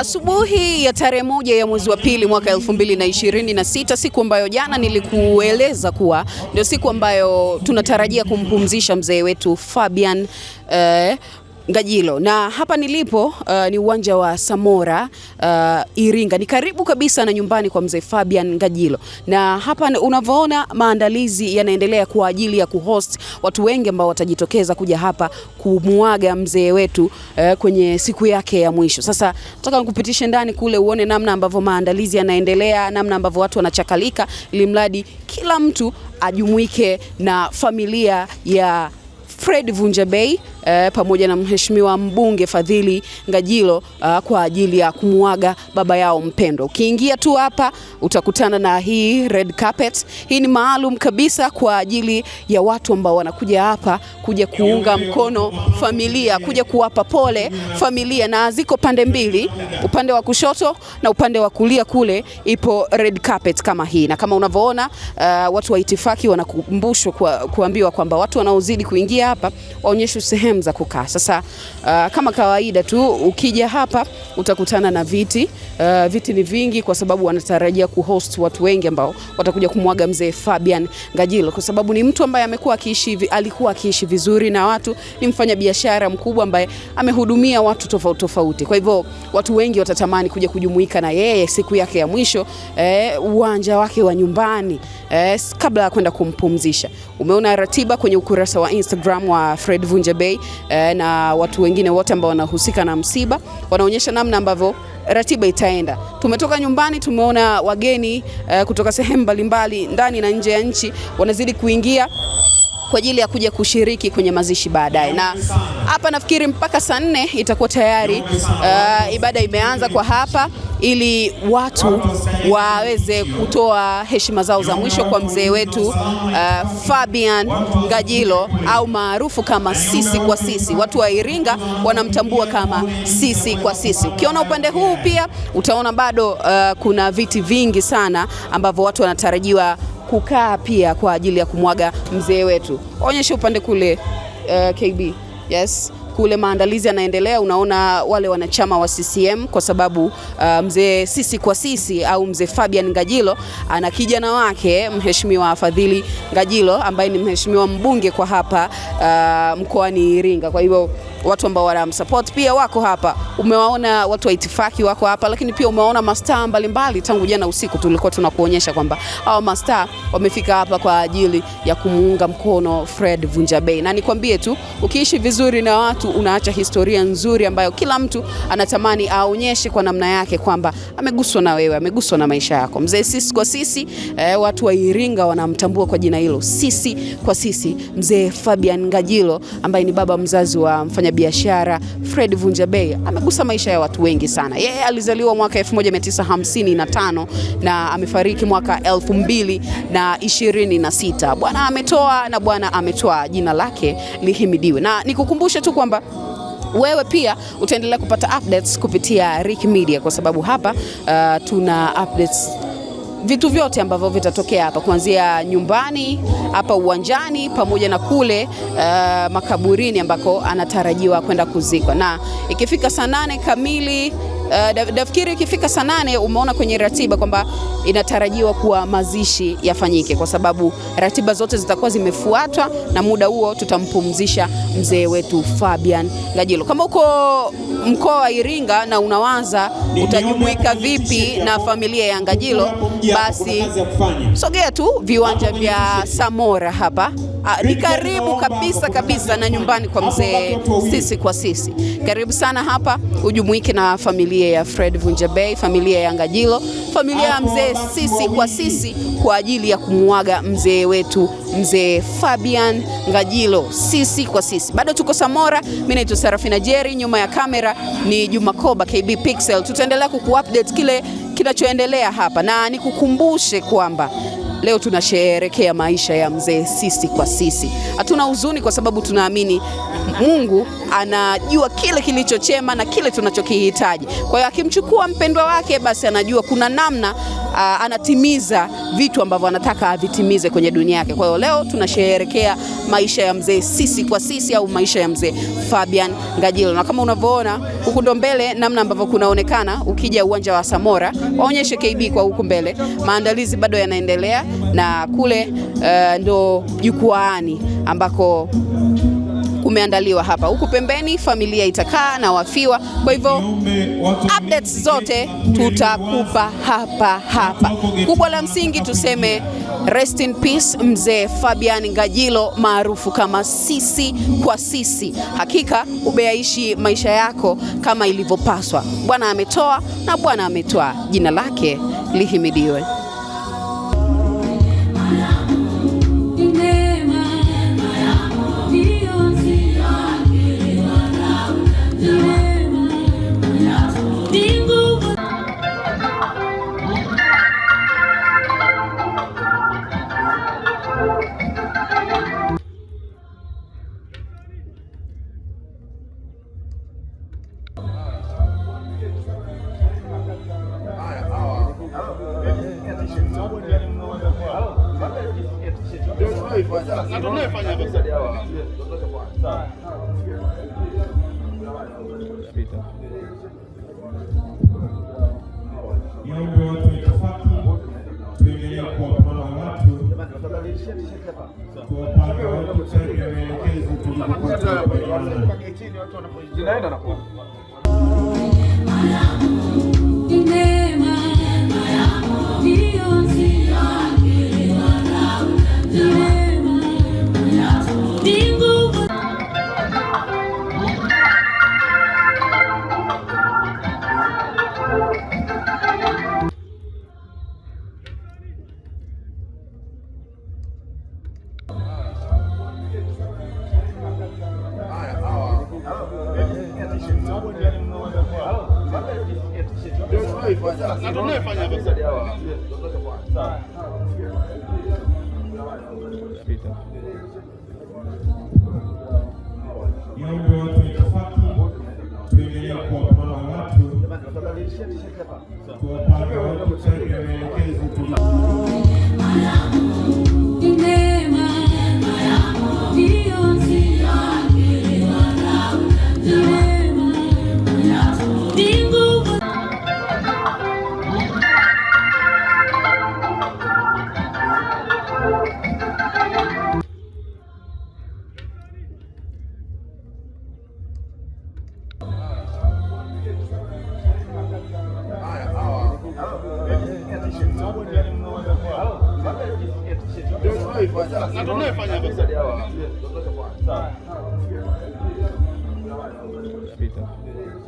Asubuhi ya tarehe moja ya mwezi wa pili mwaka elfu mbili na ishirini na sita, siku ambayo jana nilikueleza kuwa ndio siku ambayo tunatarajia kumpumzisha mzee wetu Fabian eh, Ngajilo na hapa nilipo uh, ni uwanja wa Samora uh, Iringa, ni karibu kabisa na nyumbani kwa mzee Fabian Ngajilo, na hapa unavyoona maandalizi yanaendelea kwa ajili ya kuhost watu wengi ambao watajitokeza kuja hapa kumuaga mzee wetu uh, kwenye siku yake ya mwisho. Sasa nataka nikupitishe ndani kule uone namna ambavyo maandalizi yanaendelea, namna ambavyo watu wanachakalika, ili mradi kila mtu ajumuike na familia ya Fred Vunjabei eh, pamoja na mheshimiwa mbunge Fadhili Ngajilo uh, kwa ajili ya kumuaga baba yao mpendwa. Ukiingia tu hapa utakutana na hii red carpet. Hii ni maalum kabisa kwa ajili ya watu ambao wanakuja hapa kuja kuunga mkono familia, kuja kuwapa pole familia, na ziko pande mbili, upande wa kushoto na upande wa kulia. Kule ipo red carpet kama hii, na kama unavyoona uh, watu wa itifaki wanakumbushwa kuambiwa kwamba watu wanaozidi kuingia hapa waonyeshwe sehemu sehemu za kukaa. Sasa uh, kama kawaida tu ukija hapa utakutana na viti uh, viti ni vingi kwa sababu wanatarajia kuhost watu wengi ambao watakuja kumwaga mzee Fabian Ngajilo, kwa sababu ni mtu ambaye amekuwa akiishi, alikuwa akiishi vizuri na watu, ni mfanya biashara mkubwa ambaye amehudumia watu tofauti tofauti. Kwa hivyo watu wengi watatamani kuja kujumuika na yeye siku yake ya mwisho eh, uwanja eh, wake wa nyumbani eh, kabla ya kwenda kumpumzisha. Umeona ratiba kwenye ukurasa wa Instagram wa Fred Vunjebei eh, na watu wengine wote ambao wanahusika na msiba, wanaonyesha namna ambavyo ratiba itaenda. Tumetoka nyumbani, tumeona wageni eh, kutoka sehemu mbalimbali ndani na nje ya nchi wanazidi kuingia kwa ajili ya kuja kushiriki kwenye mazishi baadaye, na hapa nafikiri mpaka saa nne itakuwa tayari uh, ibada imeanza kwa hapa ili watu waweze kutoa heshima zao za mwisho kwa mzee wetu uh, Fabian Ngajilo au maarufu kama Sisi kwa Sisi. Watu wa Iringa wanamtambua kama Sisi kwa Sisi. Ukiona upande huu pia utaona bado uh, kuna viti vingi sana ambavyo watu wanatarajiwa kukaa pia kwa ajili ya kumwaga mzee wetu. Onyesha upande kule uh, eh, KB. Yes, kule maandalizi yanaendelea, unaona wale wanachama wa CCM kwa sababu uh, mzee sisi kwa sisi au mzee Fabian Ngajilo ana kijana wake mheshimiwa Fadhili Ngajilo ambaye ni mheshimiwa mbunge kwa hapa uh, mkoani Iringa. Kwa hivyo watu ambao wanamsupport pia wako hapa, umewaona watu wa itifaki wako hapa, lakini pia umewaona mastaa mbalimbali. Tangu jana usiku tulikuwa tunakuonyesha kwamba hawa mastaa wamefika hapa kwa ajili ya kumuunga mkono Fred Vunjabei, na nikwambie tu, ukiishi vizuri na watu unaacha historia nzuri ambayo kila mtu anatamani aonyeshe kwa namna yake kwamba ameguswa na wewe, ameguswa na maisha yako. Mzee sisi kwa sisi eh, watu wa Iringa wanamtambua kwa jina hilo, sisi kwa sisi, mzee Fabian Ngajilo ambaye ni baba mzazi wa mfanya biashara Fred Vunjabei amegusa maisha ya watu wengi sana. Yeye alizaliwa mwaka 1955 na amefariki mwaka 2026. Bwana ametoa na Bwana ametoa, jina lake lihimidiwe, na nikukumbushe tu kwamba wewe pia utaendelea kupata updates kupitia Rick Media kwa sababu hapa uh, tuna updates vitu vyote ambavyo vitatokea hapa kuanzia nyumbani hapa uwanjani pamoja na kule uh, makaburini ambako anatarajiwa kwenda kuzikwa, na ikifika saa nane kamili Uh, ikifika saa nane umeona kwenye ratiba kwamba inatarajiwa kuwa mazishi yafanyike, kwa sababu ratiba zote zitakuwa zimefuatwa, na muda huo tutampumzisha mzee wetu Fabian Ngajilo. Kama uko mkoa wa Iringa na unawaza utajumuika vipi na familia ya Ngajilo, basi sogea tu viwanja vya Samora hapa ah, ni karibu kabisa kabisa na nyumbani kwa mzee, sisi kwa sisi, karibu sana hapa, ujumuike na familia familia ya Fred Vunjabei, familia ya Ngajilo, familia ya mzee sisi kwa sisi kwa ajili ya kumuaga mzee wetu mzee Fabian Ngajilo, sisi kwa sisi. Bado tuko Samora, mimi naitwa Sarafina Jerry, nyuma ya kamera ni Juma Koba KB Pixel. Tutaendelea kukuupdate kile kinachoendelea hapa na nikukumbushe kwamba Leo tunasherehekea maisha ya mzee sisi kwa sisi, hatuna huzuni kwa sababu tunaamini Mungu anajua kile kilicho chema na kile tunachokihitaji. Kwa hiyo akimchukua mpendwa wake, basi anajua kuna namna uh, anatimiza vitu ambavyo anataka avitimize kwenye dunia yake. Kwa hiyo leo tunasherehekea maisha ya mzee sisi kwa sisi, au maisha ya mzee Fabian Ngajilo, na kama unavyoona huku ndo mbele namna ambavyo kunaonekana, ukija uwanja wa Samora waonyeshe KB kwa huku mbele, maandalizi bado yanaendelea, na kule uh, ndo jukwaani ambako umeandaliwa hapa, huku pembeni familia itakaa na wafiwa. Kwa hivyo updates zote tutakupa hapa hapa. Kubwa la msingi tuseme rest in peace mzee Fabian Ngajilo maarufu kama Sisi kwa Sisi. Hakika umeyaishi maisha yako kama ilivyopaswa. Bwana ametoa na Bwana ametoa, jina lake lihimidiwe. Naomba watu itafaki kuendelea kuwapanga watu kuwapanga watu chani ya maelekezo tulivyokuwa tunaelewana. Niombe watu itifaki, tuendelea kuwapanga watu, kuwapanga watu chani maelekezo tu tunayofanya